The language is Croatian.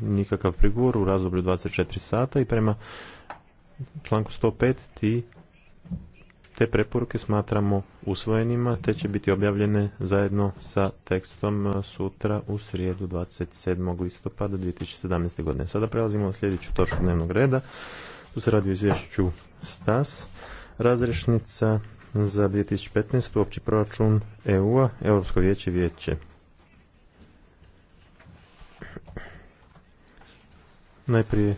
nikakav prigovor u razdoblju 24 sata i prema članku 105 ti te preporuke smatramo usvojenima te će biti objavljene zajedno sa tekstom e, sutra u srijedu 27. listopada 2017. godine. Sada prelazimo na sljedeću točku dnevnog reda. Tu se radi o izvješću STAS. Razrešnica za 2015. opći proračun EU-a, Europsko vijeće vijeće. Najprije